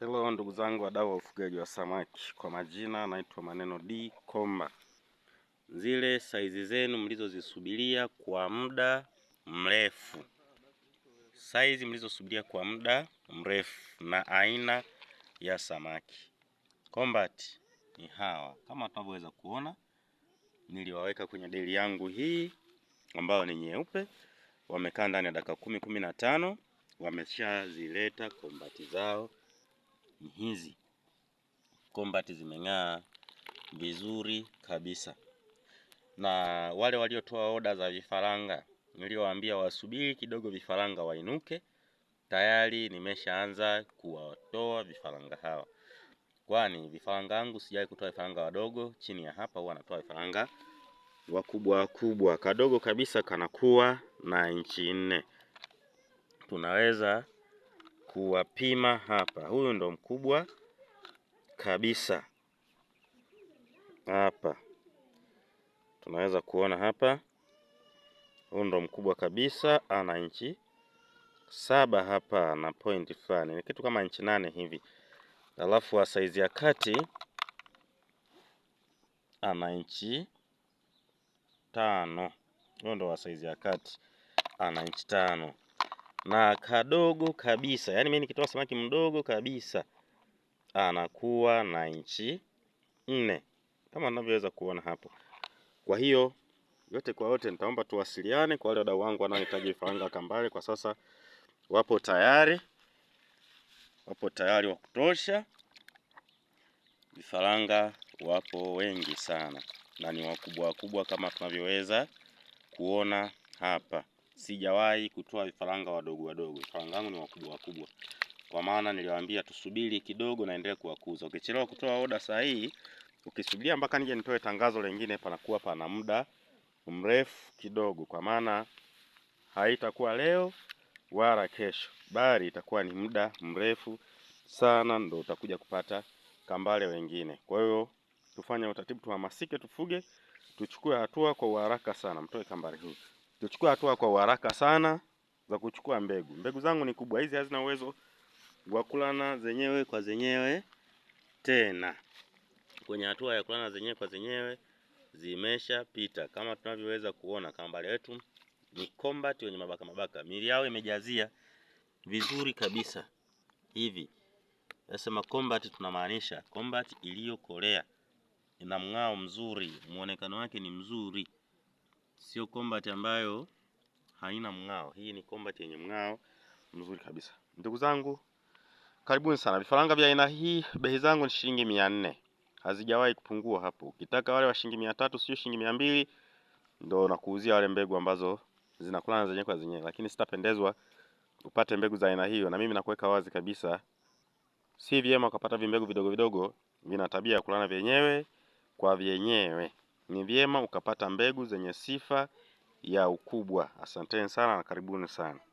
Hello ndugu zangu wadau wa ufugaji wa samaki, kwa majina naitwa Maneno D Komba. Zile saizi zenu mlizozisubiria kwa muda mrefu, saizi mlizosubiria kwa muda mrefu na aina ya samaki kombati ni hawa, kama tunavyoweza kuona, niliwaweka kwenye deli yangu hii ambayo ni nyeupe. Wamekaa ndani ya dakika kumi kumi na tano wameshazileta kombati zao ni hizi kombati zimeng'aa vizuri kabisa, na wale waliotoa oda za vifaranga niliowaambia wasubiri kidogo vifaranga wainuke, tayari nimeshaanza kuwatoa vifaranga hawa, kwani vifaranga wangu sijai kutoa vifaranga wadogo. Chini ya hapa huwa natoa vifaranga wakubwa wakubwa. Kadogo kabisa kanakuwa na inchi nne tunaweza kuwapima hapa. Huyu ndo mkubwa kabisa hapa, tunaweza kuona hapa, huyu ndo mkubwa kabisa, ana inchi saba hapa na pointi fulani, ni kitu kama inchi nane hivi, alafu wa saizi ya kati ana inchi tano. Huyo ndo wa saizi ya kati ana inchi tano na kadogo kabisa, yaani mimi nikitoa samaki mdogo kabisa anakuwa na inchi nne kama ninavyoweza kuona hapo. Kwa hiyo yote kwa yote, nitaomba tuwasiliane kwa wale wadau wangu wanaohitaji vifaranga kambale. Kwa sasa wapo tayari, wapo tayari wa kutosha. Vifaranga wapo wengi sana na ni wakubwa wakubwa kama tunavyoweza kuona hapa sijawahi kutoa vifaranga wadogo wadogo. Vifaranga wangu ni wakubwa wakubwa, kwa maana niliwaambia tusubiri kidogo, naendelee kuwakuza. Ukichelewa kutoa oda sahihi, ukisubiria mpaka nije nitoe tangazo lingine, panakuwa pana muda mrefu kidogo, kwa maana haitakuwa leo wala kesho, bali itakuwa ni muda mrefu sana, ndo utakuja kupata kambale wengine. Kwa hiyo tufanye utaratibu, tuhamasike, tufuge, tuchukue hatua kwa uharaka sana, mtoe kambale huyu. Tuchukue hatua kwa uharaka sana za kuchukua mbegu. Mbegu zangu ni kubwa, hizi hazina uwezo wa kulana zenyewe kwa zenyewe tena. Kwenye hatua ya kulana zenyewe kwa zenyewe zimeshapita, kama tunavyoweza kuona kambale wetu ni combat wenye mabaka mabaka, mili yao imejazia vizuri kabisa hivi. Nasema combat, tunamaanisha combat iliyokolea, ina mng'ao mzuri, muonekano wake ni mzuri sio combat ambayo haina mng'ao. Hii ni combat yenye mng'ao mzuri kabisa. Ndugu zangu, karibuni sana. Vifaranga vya aina hii bei zangu ni shilingi 400. hazijawahi kupungua hapo. Ukitaka wale wa shilingi 300 sio shilingi 200 ndio nakuuzia wale mbegu ambazo zinakulana zenyewe kwa zenyewe, lakini sitapendezwa upate mbegu za aina hiyo, na mimi nakuweka wazi kabisa, si vyema ukapata vimbegu vidogo vidogo, vina tabia ya kulana vyenyewe kwa vyenyewe ni vyema ukapata mbegu zenye sifa ya ukubwa. Asanteni sana na karibuni sana.